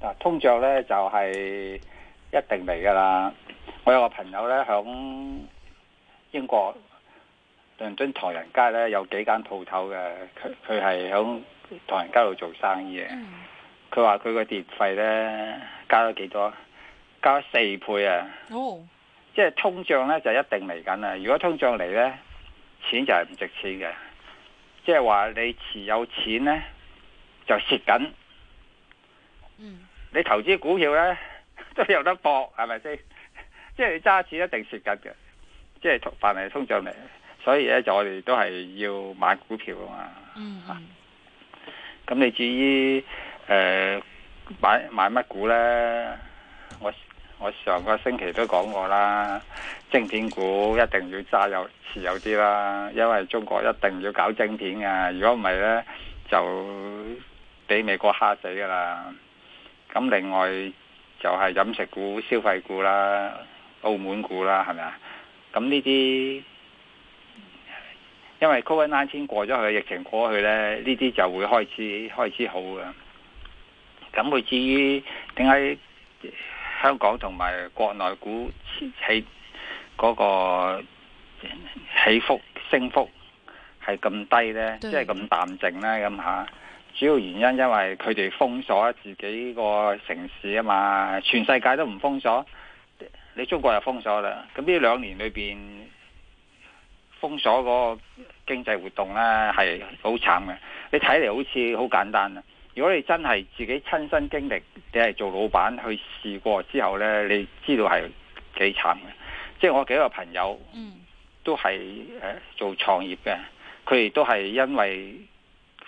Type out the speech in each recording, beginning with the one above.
嗱，通脹咧就係一定嚟噶啦。我有個朋友咧，響英國倫敦唐人街咧有幾間鋪頭嘅，佢佢係響唐人街度做生意嘅。佢話佢個電費咧加咗幾多？加咗四倍啊！Oh. 即係通脹咧就一定嚟緊啦。如果通脹嚟咧，錢就係唔值錢嘅。即係話你持有錢咧就蝕緊。嗯。你投資股票呢，都有得搏，係咪先？ 即係你揸錢一定蝕緊嘅，即係同埋通脹嚟，所以呢，就我哋都係要買股票啊嘛。嗯，嗯，咁、啊、你至於誒、呃、買買乜股呢？我我上個星期都講過啦，晶片股一定要揸有持有啲啦，因為中國一定要搞晶片嘅，如果唔係呢，就俾美國蝦死噶啦。咁另外就係飲食股、消費股啦、澳門股啦，係咪啊？咁呢啲因為 COVID 19過咗去，疫情過去呢，呢啲就會開始開始好嘅。咁會至於點解香港同埋國內股起嗰個起伏升幅係咁低呢？即係咁淡靜啦，咁吓。主要原因因為佢哋封鎖自己個城市啊嘛，全世界都唔封鎖，你中國又封鎖啦。咁呢兩年裏邊封鎖嗰個經濟活動咧，係好慘嘅。你睇嚟，好似好簡單啊，如果你真係自己親身經歷，你係做老闆去試過之後咧，你知道係幾慘嘅。即係我幾個朋友都係誒做創業嘅，佢哋都係因為。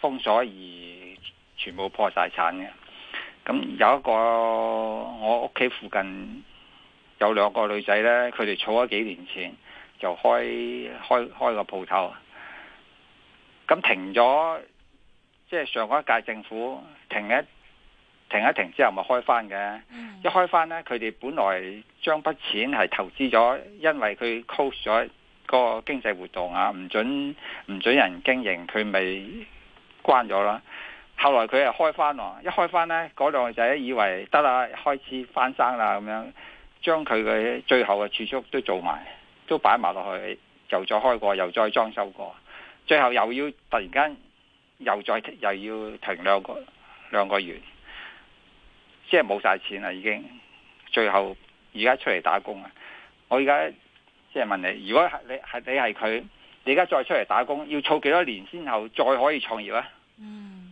封鎖而全部破晒產嘅，咁有一個我屋企附近有兩個女仔呢，佢哋儲咗幾年錢，就開開開個鋪頭。咁停咗，即係上一屆政府停一停一停之後咪開翻嘅。一開翻呢，佢哋本來將筆錢係投資咗，因為佢 close 咗個經濟活動啊，唔准唔准人經營，佢咪。關咗啦，後來佢又開翻喎，一開翻呢，嗰兩個仔以為得啦，開始翻生啦，咁樣將佢嘅最後嘅儲蓄都做埋，都擺埋落去，又再開過，又再裝修過，最後又要突然間又再又要停兩個兩個月，即係冇晒錢啦，已經，最後而家出嚟打工啊！我而家即係問你，如果係你係你係佢，你而家再出嚟打工，要儲幾多年先，後再可以創業啊？嗯，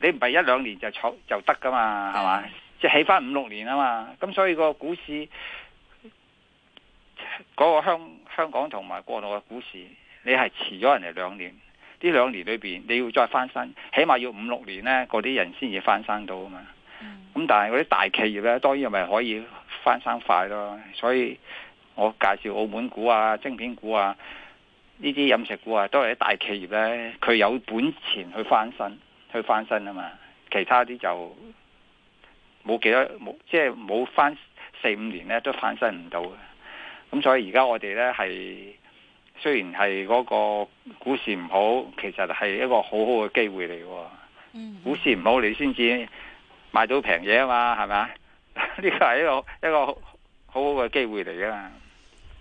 你唔係一兩年就坐就得噶嘛，係嘛的？即係起翻五六年啊嘛，咁所以個股市嗰的個香香港同埋國內嘅股市，你係遲咗人哋兩年，呢兩年裏邊你要再翻身，起碼要五六年呢，嗰啲人先至翻身到啊嘛。咁、嗯、但係嗰啲大企業呢，當然係可以翻身快咯。所以我介紹澳門股啊，晶片股啊。呢啲飲食股啊，都係啲大企業咧，佢有本錢去翻身，去翻身啊嘛。其他啲就冇幾多，冇即係冇翻四五年咧，都翻身唔到嘅。咁所以而家我哋咧係雖然係嗰個股市唔好，其實係一個好好嘅機會嚟嘅。股市唔好你先至買到平嘢啊嘛，係咪啊？呢個係一個一個好好嘅機會嚟嘅嘛。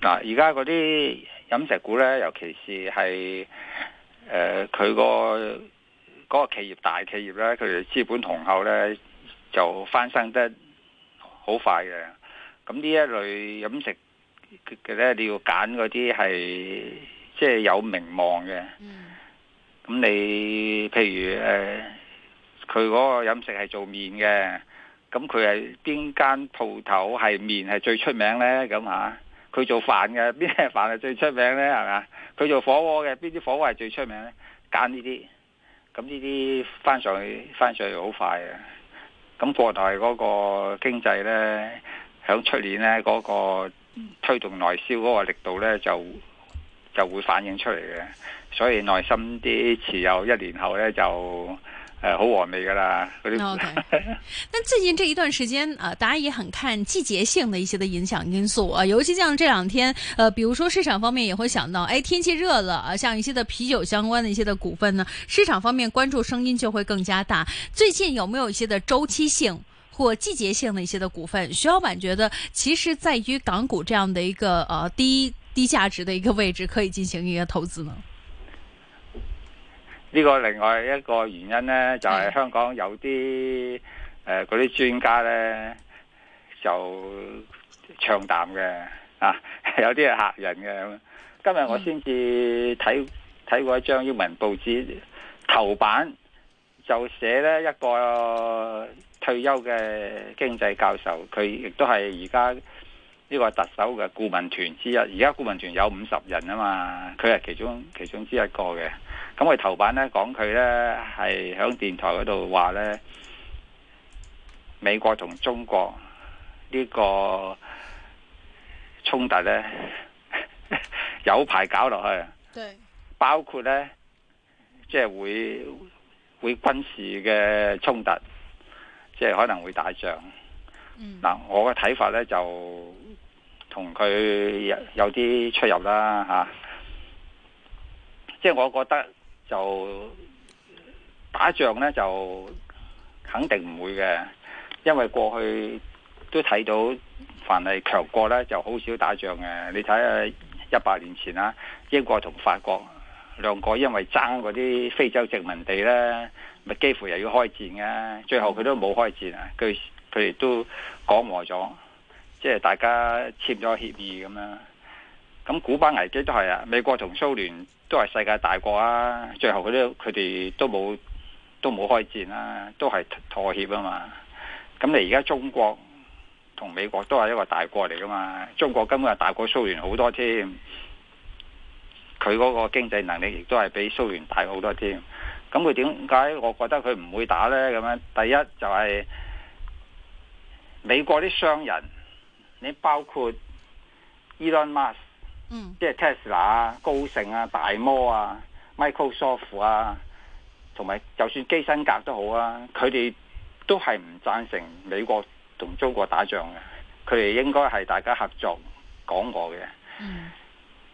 嗱，而家嗰啲飲食股咧，尤其是係，誒、呃，佢、嗰個、嗰個企業大企業咧，佢哋資本雄厚咧，就翻生得好快嘅。咁呢一類飲食嘅咧，你要揀嗰啲係即係有名望嘅。咁你譬如誒，佢、呃、嗰個飲食係做麵嘅，咁佢係邊間鋪頭係麵係最出名咧？咁吓。啊佢做飯嘅，邊啲飯係最出名呢？係咪啊？佢做火鍋嘅，邊啲火鍋係最出名呢？揀呢啲，咁呢啲翻上去，翻上嚟好快嘅。咁國內嗰個經濟咧，響出年呢，嗰個推動內銷嗰個力度呢，就就會反映出嚟嘅。所以耐心啲持有一年後呢，就。哎，好完美的啦！嗰啲 OK，但最近這一段時間啊、呃，大家也很看季節性的一些的影響因素啊、呃，尤其像這兩天，呃，比如說市場方面也會想到，哎，天氣熱了，啊，像一些的啤酒相關的一些的股份呢，市場方面關注聲音就會更加大。最近有沒有一些的周期性或季節性的一些的股份？徐老闆覺得，其實在於港股這樣的一個，呃，低低價值的一個位置，可以進行一個投資呢？呢個另外一個原因呢，就係、是、香港有啲誒嗰啲專家呢，就唱淡嘅啊，有啲係嚇人嘅。今日我先至睇睇過一張英文報紙頭版，就寫呢一個退休嘅經濟教授，佢亦都係而家。呢個係特首嘅顧問團之一，而家顧問團有五十人啊嘛，佢係其中其中之一個嘅。咁佢頭版呢講佢呢係喺電台嗰度話呢美國同中國呢個衝突呢 有排搞落去。包括呢即係、就是、會會軍事嘅衝突，即、就、係、是、可能會打仗。嗱、嗯，我嘅睇法呢就，同佢有啲出入啦嚇、啊，即係我覺得就打仗呢，就肯定唔會嘅，因為過去都睇到凡係強國呢，就好少打仗嘅。你睇下一百年前啊，英國同法國兩個因為爭嗰啲非洲殖民地呢，咪幾乎又要開戰嘅，最後佢都冇開戰啊，佢佢哋都講和咗。即係大家簽咗協議咁樣，咁古巴危機都係啊，美國同蘇聯都係世界大國啊，最後佢都佢哋都冇都冇開戰啦、啊，都係妥協啊嘛。咁你而家中國同美國都係一個大國嚟噶嘛？中國根本係大過蘇聯好多添，佢嗰個經濟能力亦都係比蘇聯大好多添。咁佢點解我覺得佢唔會打呢？咁樣第一就係美國啲商人。你包括 Elon Musk，嗯、即係 Tesla 啊、高盛啊、大摩啊、Microsoft 啊，同埋就算基辛格都好啊，佢哋都係唔贊成美國同中國打仗嘅，佢哋應該係大家合作講過嘅。嗯、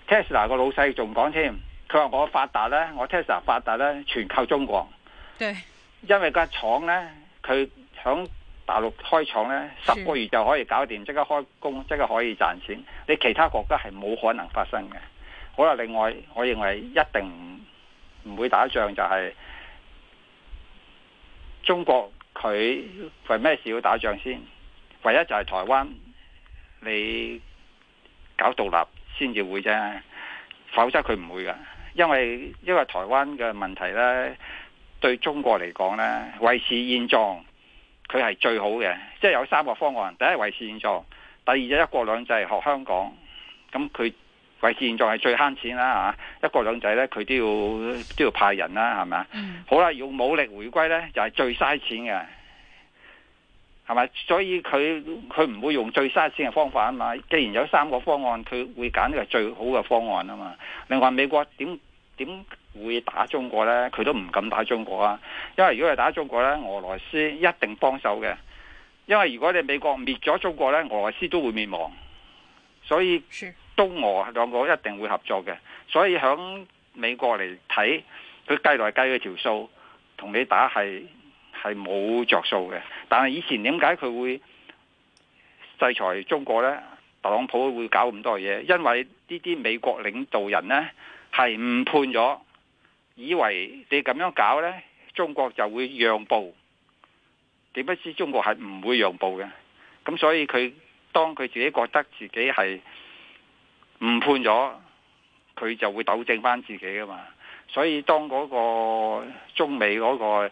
Tesla 個老細仲講添，佢話我發達咧，我 Tesla 發達咧，全靠中國。對，因為個廠咧，佢響。大陸開廠呢，十個月就可以搞掂，即刻開工，即刻可以賺錢。你其他國家係冇可能發生嘅。好啦，另外我認為一定唔會打仗，就係中國佢為咩事要打仗先？唯一就係台灣你搞獨立先至會啫，否則佢唔會㗎。因為因為台灣嘅問題呢，對中國嚟講呢，維持現狀。佢係最好嘅，即係有三個方案：第一維持現狀，第二就一國兩制學香港。咁佢維持現狀係最慳錢啦、啊，吓一國兩制呢，佢都要都要派人啦，係咪啊？好啦、啊，要武力回歸呢，就係、是、最嘥錢嘅，係咪？所以佢佢唔會用最嘥錢嘅方法啊嘛。既然有三個方案，佢會揀呢個最好嘅方案啊嘛。另外美國點點？會打中國呢，佢都唔敢打中國啊！因為如果佢打中國呢，俄羅斯一定幫手嘅。因為如果你美國滅咗中國呢，俄羅斯都會滅亡。所以東俄兩國一定會合作嘅。所以響美國嚟睇，佢計來計去條數同你打係係冇着數嘅。但係以前點解佢會制裁中國呢？特朗普會搞咁多嘢，因為呢啲美國領導人呢，係誤判咗。以為你咁樣搞呢，中國就會讓步，點不知中國係唔會讓步嘅。咁所以佢當佢自己覺得自己係誤判咗，佢就會糾正翻自己噶嘛。所以當嗰個中美嗰個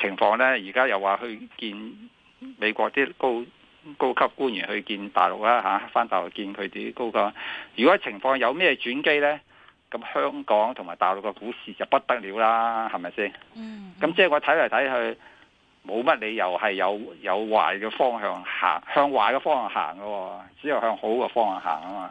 情況呢，而家又話去見美國啲高高級官員去見大陸啦吓，翻、啊、大陸見佢啲高級官員。如果情況有咩轉機呢？咁香港同埋大陸嘅股市就不得了啦，係咪先？咁、嗯嗯、即係我睇嚟睇去，冇乜理由係有有壞嘅方向行，向壞嘅方向行嘅、哦，只有向好嘅方向行啊嘛。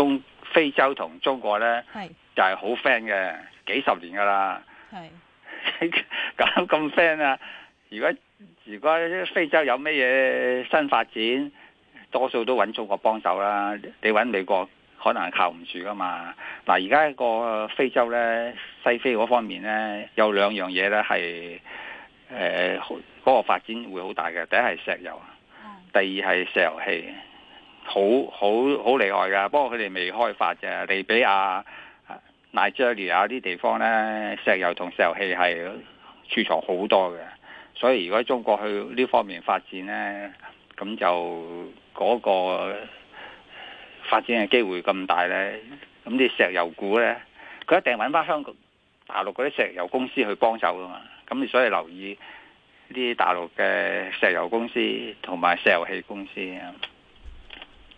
中非洲同中國呢，是就係好 friend 嘅，幾十年噶啦。係咁咁 friend 啊！如果如果非洲有咩嘢新發展，多數都揾中國幫手啦。你揾美國可能係靠唔住噶嘛。嗱，而家個非洲呢，西非嗰方面呢，有兩樣嘢呢係誒，嗰、呃嗰個發展會好大嘅。第一係石油，第二係石油氣。好好好厲害㗎，不過佢哋未開發啫。利比亞、奈及利亞啲地方呢，石油同石油氣係儲藏好多嘅，所以如果中國去呢方面發展呢，咁就嗰個發展嘅機會咁大呢，咁啲石油股呢，佢一定揾翻香港、大陸嗰啲石油公司去幫手㗎嘛，咁你所以留意啲大陸嘅石油公司同埋石油氣公司。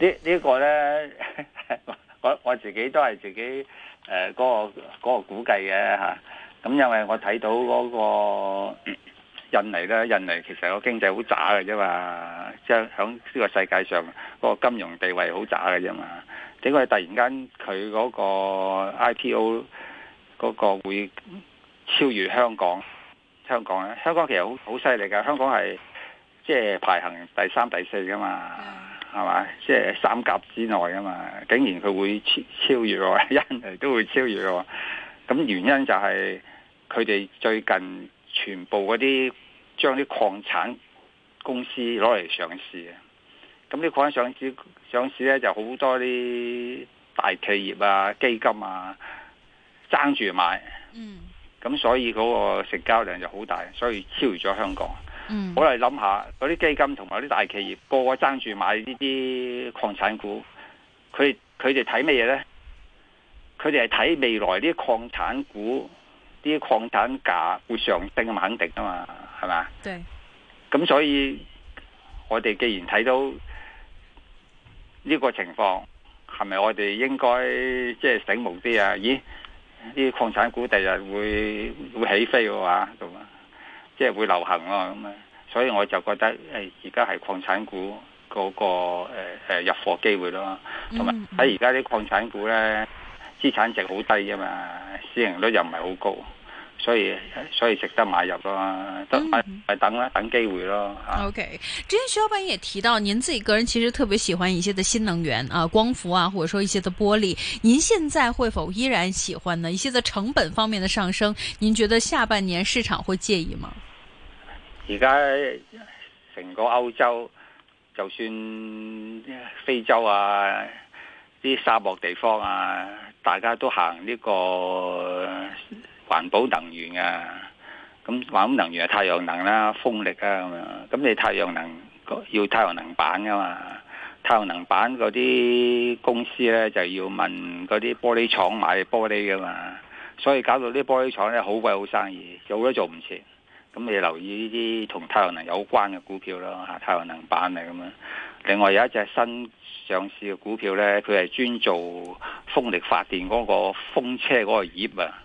呢呢、這個呢，我我自己都係自己誒嗰、呃那個那個估計嘅嚇。咁、啊、因為我睇到嗰、那個、嗯、印尼呢，印尼其實個經濟好渣嘅啫嘛，即係響呢個世界上嗰、那個金融地位好渣嘅啫嘛。點解突然間佢嗰個 IPO 嗰個會超越香港？香港呢，香港其實好好犀利㗎，香港係即係排行第三第四㗎嘛。係嘛，即係三甲之內啊嘛，竟然佢會超超越我，一 嚟都會超越我。咁原因就係佢哋最近全部嗰啲將啲礦產公司攞嚟上市嘅。咁啲礦產上市上市咧就好多啲大企業啊、基金啊爭住買，咁所以嗰個成交量就好大，所以超越咗香港。我嚟諗下，嗰啲基金同埋啲大企業個個個爭住買呢啲礦產股，佢佢哋睇咩嘢呢？佢哋係睇未來啲礦產股啲礦產價會上升啊，肯定噶嘛，係咪？對。咁所以我哋既然睇到呢個情況，係咪我哋應該即係醒目啲啊？咦，呢啲礦產股第日會會起飛嘅話，咁啊？即係會流行咯，咁啊，所以我就覺得誒而家係礦產股嗰、那個誒、呃、入貨機會咯，同埋喺而家啲礦產股咧資產值好低嘅嘛，市盈率又唔係好高，所以所以值得買入咯，得咪、啊、等啦，等機會咯、啊、OK，之前徐老闆也提到，您自己個人其實特別喜歡一些嘅新能源啊、光伏啊，或者說一些嘅玻璃，您現在會否依然喜歡呢？一些嘅成本方面嘅上升，您覺得下半年市場會介意嗎？而家成個歐洲，就算非洲啊，啲沙漠地方啊，大家都行呢個環保能源啊。咁環保能源係太陽能啦、風力啊咁樣。咁你太陽能要太陽能板噶嘛？太陽能板嗰啲公司咧就要問嗰啲玻璃廠買玻璃噶嘛。所以搞到啲玻璃廠咧好鬼好生意，做都做唔切。咁你留意呢啲同太陽能有關嘅股票咯，吓太陽能板嚟。咁樣。另外有一隻新上市嘅股票呢，佢係專做風力發電嗰個風車嗰個葉啊。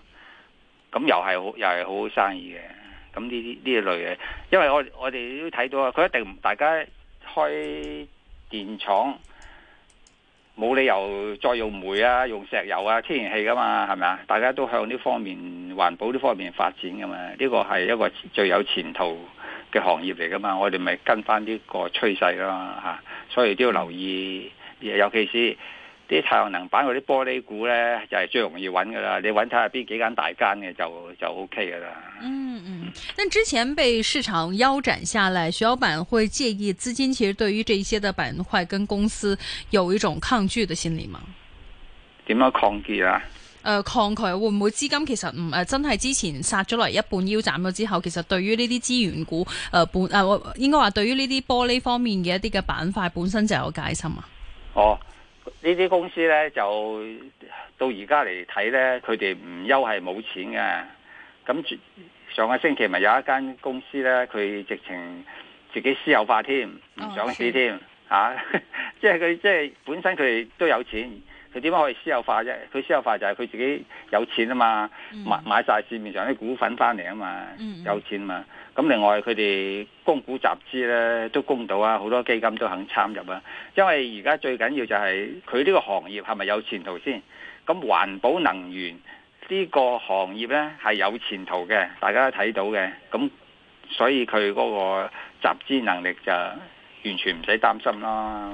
咁又係好，又係好好生意嘅。咁呢啲呢類嘅，因為我我哋都睇到啊，佢一定大家開電廠冇理由再用煤啊、用石油啊、天然氣噶嘛，係咪啊？大家都向呢方面。環保呢方面發展噶嘛，呢、這個係一個最有前途嘅行業嚟噶嘛，我哋咪跟翻呢個趨勢咯吓、啊，所以都要留意，尤其是啲太陽能板嗰啲玻璃股咧，就係、是、最容易揾噶啦。你揾睇下邊幾間大間嘅就就 OK 噶啦。嗯嗯，但之前被市場腰斬下來，徐老闆會介意資金其實對於這一些嘅板塊跟公司有一種抗拒嘅心理嗎？點樣抗拒啊？誒、呃，抗拒會唔會資金其實唔誒、呃，真係之前殺咗嚟一半腰斬咗之後，其實對於呢啲資源股誒、呃、本誒、呃，應該話對於呢啲玻璃方面嘅一啲嘅板塊本身就有戒心啊。哦，呢啲公司咧就到而家嚟睇咧，佢哋唔憂係冇錢嘅。咁上個星期咪有一間公司咧，佢直情自己私有化添，唔上市添。吓、哦 okay. 啊，即係佢即係本身佢哋都有錢。佢點解可以私有化啫？佢私有化就係佢自己有錢啊嘛，買買晒市面上啲股份翻嚟啊嘛，有錢啊嘛。咁另外佢哋供股集資咧都供到啊，好多基金都肯參入啊。因為而家最緊要就係佢呢個行業係咪有前途先？咁環保能源呢個行業咧係有前途嘅，大家都睇到嘅。咁所以佢嗰個集資能力就完全唔使擔心啦。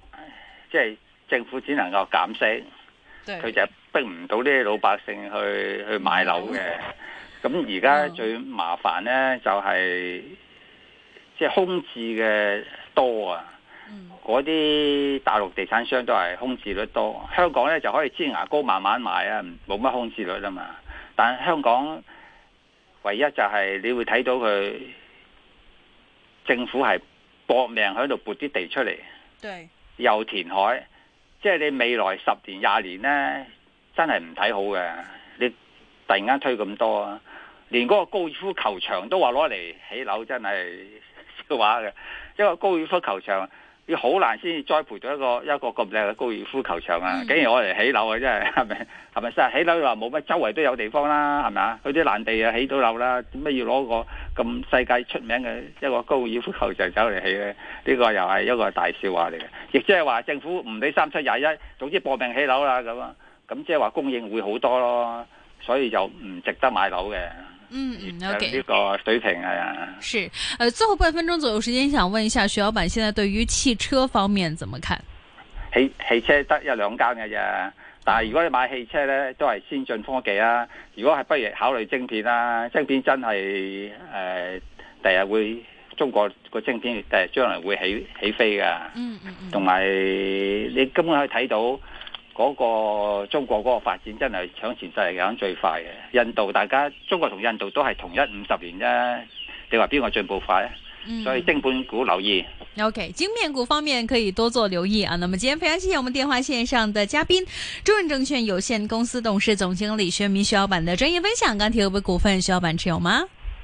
即係政府只能夠減息，佢對就逼唔到啲老百姓去對去買樓嘅。咁而家最麻煩呢、就係，哦、就係即係空置嘅多啊！嗰啲、嗯、大陸地產商都係空置率多。香港呢就可以擠牙膏慢慢買啊，冇乜空置率啊嘛。但係香港唯一就係你會睇到佢政府係搏命喺度撥啲地出嚟。對。又填海，即係你未來十年廿年呢，真係唔睇好嘅。你突然間推咁多，連嗰個高爾夫球場都話攞嚟起樓，真係笑話嘅。因為高爾夫球場。要好難先栽培到一個一個咁靚嘅高爾夫球場啊！竟然我嚟起樓啊，真係係咪係咪先？起樓又話冇乜，周圍都有地方啦，係咪啊？嗰啲爛地啊，起到樓啦，點解要攞個咁世界出名嘅一個高爾夫球場走嚟起咧？呢個又係一個大笑話嚟嘅。亦即係話政府唔俾三七廿一，總之搏命起樓啦咁啊，咁即係話供應會好多咯，所以就唔值得買樓嘅。嗯，就、okay。呢個水平係啊。是，誒、呃，最後半分鐘左右時間，想問一下徐老闆，現在對於汽車方面怎麼看？汽汽車得一兩間嘅啫，但係如果你買汽車咧，都係先進科技啊。如果係不如考慮晶片啦，晶片真係誒，第、呃、日會中國個晶片第日將來會起起飛噶、嗯。嗯嗯。同埋，你根本可以睇到。.嗰個中國嗰個發展真係搶前進係揀最快嘅。印度，大家中國同印度都係同一五十年啫，你話邊個進步快咧？所以晶片股留意。OK，晶片股方面可以多做留意啊。那麼今天非常謝謝我們電話線上的嘉賓，中信證券有限公司董事總經理徐潤民，徐老闆的專業分享。鋼鐵股份，股份徐老闆持有嗎？